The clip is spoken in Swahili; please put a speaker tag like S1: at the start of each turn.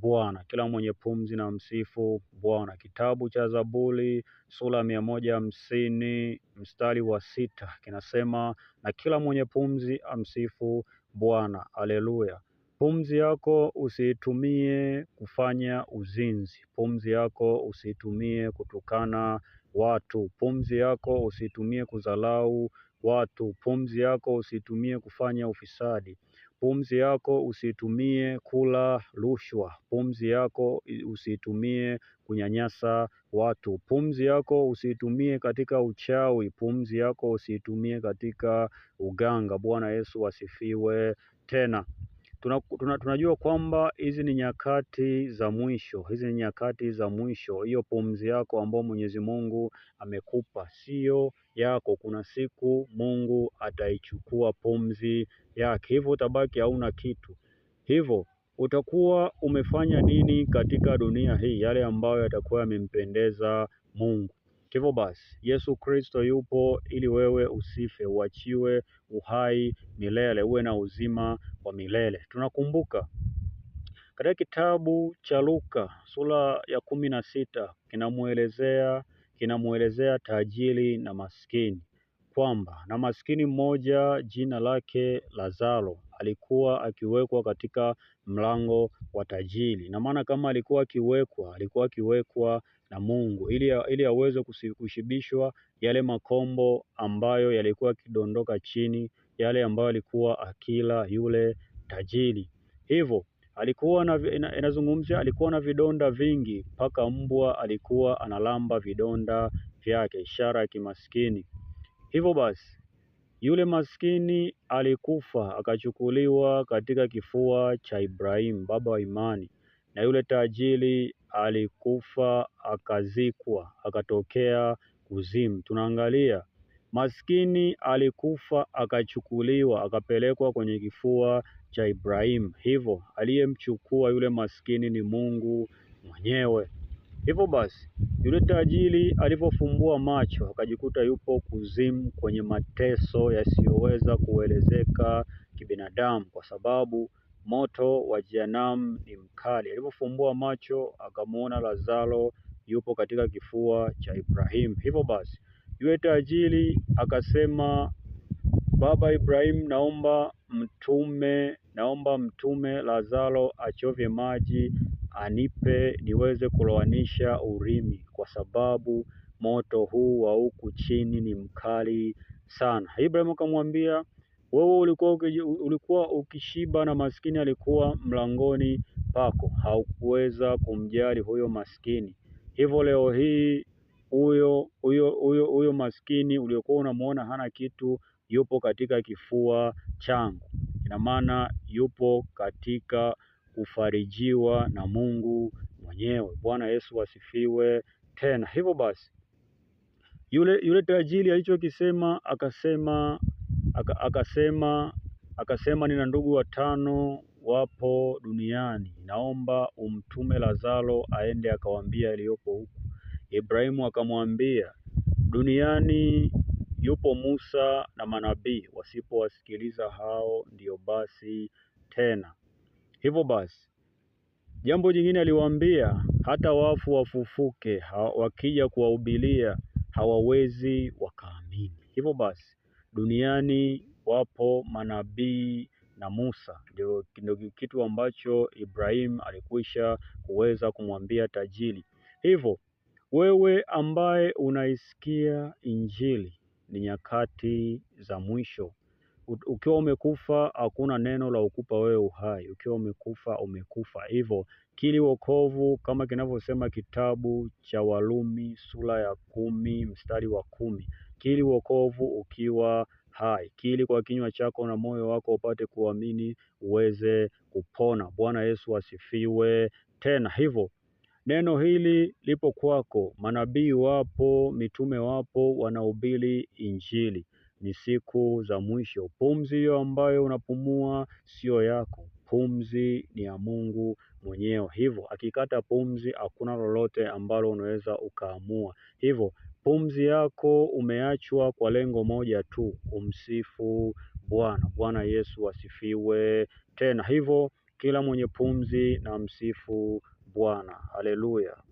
S1: Bwana. Kila mwenye pumzi na msifu Bwana. Kitabu cha Zaburi sura mia moja hamsini mstari wa sita kinasema, na kila mwenye pumzi amsifu Bwana. Haleluya. Pumzi yako usiitumie kufanya uzinzi. Pumzi yako usiitumie kutukana watu. Pumzi yako usiitumie kuzalau watu. Pumzi yako usiitumie kufanya ufisadi. Pumzi yako usiitumie kula rushwa. Pumzi yako usiitumie kunyanyasa watu. Pumzi yako usiitumie katika uchawi. Pumzi yako usiitumie katika uganga. Bwana Yesu asifiwe tena. Tunajua tuna, tunajua kwamba hizi ni nyakati za mwisho, hizi ni nyakati za mwisho. Hiyo pumzi yako ambayo Mwenyezi Mungu amekupa sio yako. Kuna siku Mungu ataichukua pumzi yake, hivyo utabaki hauna kitu. Hivyo utakuwa umefanya nini katika dunia hii, yale ambayo yatakuwa yamempendeza Mungu. Hivyo basi Yesu Kristo yupo ili wewe usife, uachiwe uhai milele, uwe na uzima wa milele. Tunakumbuka katika kitabu cha Luka sura ya kumi na sita kinamuelezea kinamwelezea tajiri na maskini kwamba na maskini mmoja jina lake Lazaro alikuwa akiwekwa katika mlango wa tajiri. Na maana kama alikuwa akiwekwa, alikuwa akiwekwa na Mungu ili, ili aweze kushibishwa yale makombo ambayo yalikuwa akidondoka chini, yale ambayo alikuwa akila yule tajiri. Hivyo alikuwa na, inazungumzia alikuwa na vidonda vingi, mpaka mbwa alikuwa analamba vidonda vyake, ishara ya kimaskini. Hivyo basi yule maskini alikufa akachukuliwa katika kifua cha Ibrahimu baba wa imani, na yule tajiri alikufa akazikwa, akatokea kuzimu. Tunaangalia maskini alikufa akachukuliwa akapelekwa kwenye kifua cha Ibrahim. Hivyo aliyemchukua yule maskini ni Mungu mwenyewe. Hivyo basi, yule tajiri alipofumbua macho akajikuta yupo kuzimu, kwenye mateso yasiyoweza kuelezeka kibinadamu, kwa sababu Moto wa jehanamu ni mkali. Alipofumbua macho akamwona Lazaro yupo katika kifua cha Ibrahimu. Hivyo basi yule tajiri akasema, Baba Ibrahimu, naomba mtume, naomba mtume Lazaro achovye maji anipe niweze kulowanisha ulimi, kwa sababu moto huu wa huku chini ni mkali sana. Ibrahimu akamwambia wewe ulikuwa, ulikuwa ukishiba na maskini alikuwa mlangoni pako, haukuweza kumjali huyo maskini. Hivyo leo hii huyo huyo huyo huyo maskini uliokuwa unamuona hana kitu, yupo katika kifua changu. Ina maana yupo katika kufarijiwa na Mungu mwenyewe. Bwana Yesu asifiwe tena. Hivyo basi, yule yule tajiri alichokisema akasema aka, akasema akasema nina ndugu watano wapo duniani, naomba umtume Lazaro aende akawaambia yaliyopo huku. Ibrahimu akamwambia, duniani yupo Musa na manabii, wasipowasikiliza hao ndiyo basi tena. Hivyo basi, jambo jingine aliwaambia, hata wafu wafufuke, wakija kuwahubiria hawawezi wakaamini. Hivyo basi duniani wapo manabii na Musa ndio kitu ambacho Ibrahim alikwisha kuweza kumwambia tajiri. Hivyo wewe ambaye unaisikia Injili, ni nyakati za mwisho. Ukiwa umekufa hakuna neno la ukupa wewe uhai, ukiwa umekufa umekufa. Hivyo kili wokovu kama kinavyosema kitabu cha Warumi sura ya kumi mstari wa kumi kili wokovu ukiwa hai, kili kwa kinywa chako na moyo wako upate kuamini uweze kupona. Bwana Yesu asifiwe. Tena hivyo neno hili lipo kwako, manabii wapo, mitume wapo, wanahubiri Injili. Ni siku za mwisho. Pumzi hiyo ambayo unapumua sio yako, pumzi ni ya Mungu mwenyewe. Hivyo akikata pumzi, hakuna lolote ambalo unaweza ukaamua. Hivyo Pumzi yako umeachwa kwa lengo moja tu, kumsifu Bwana. Bwana Yesu asifiwe. Tena hivyo, kila mwenye pumzi na msifu Bwana. Haleluya.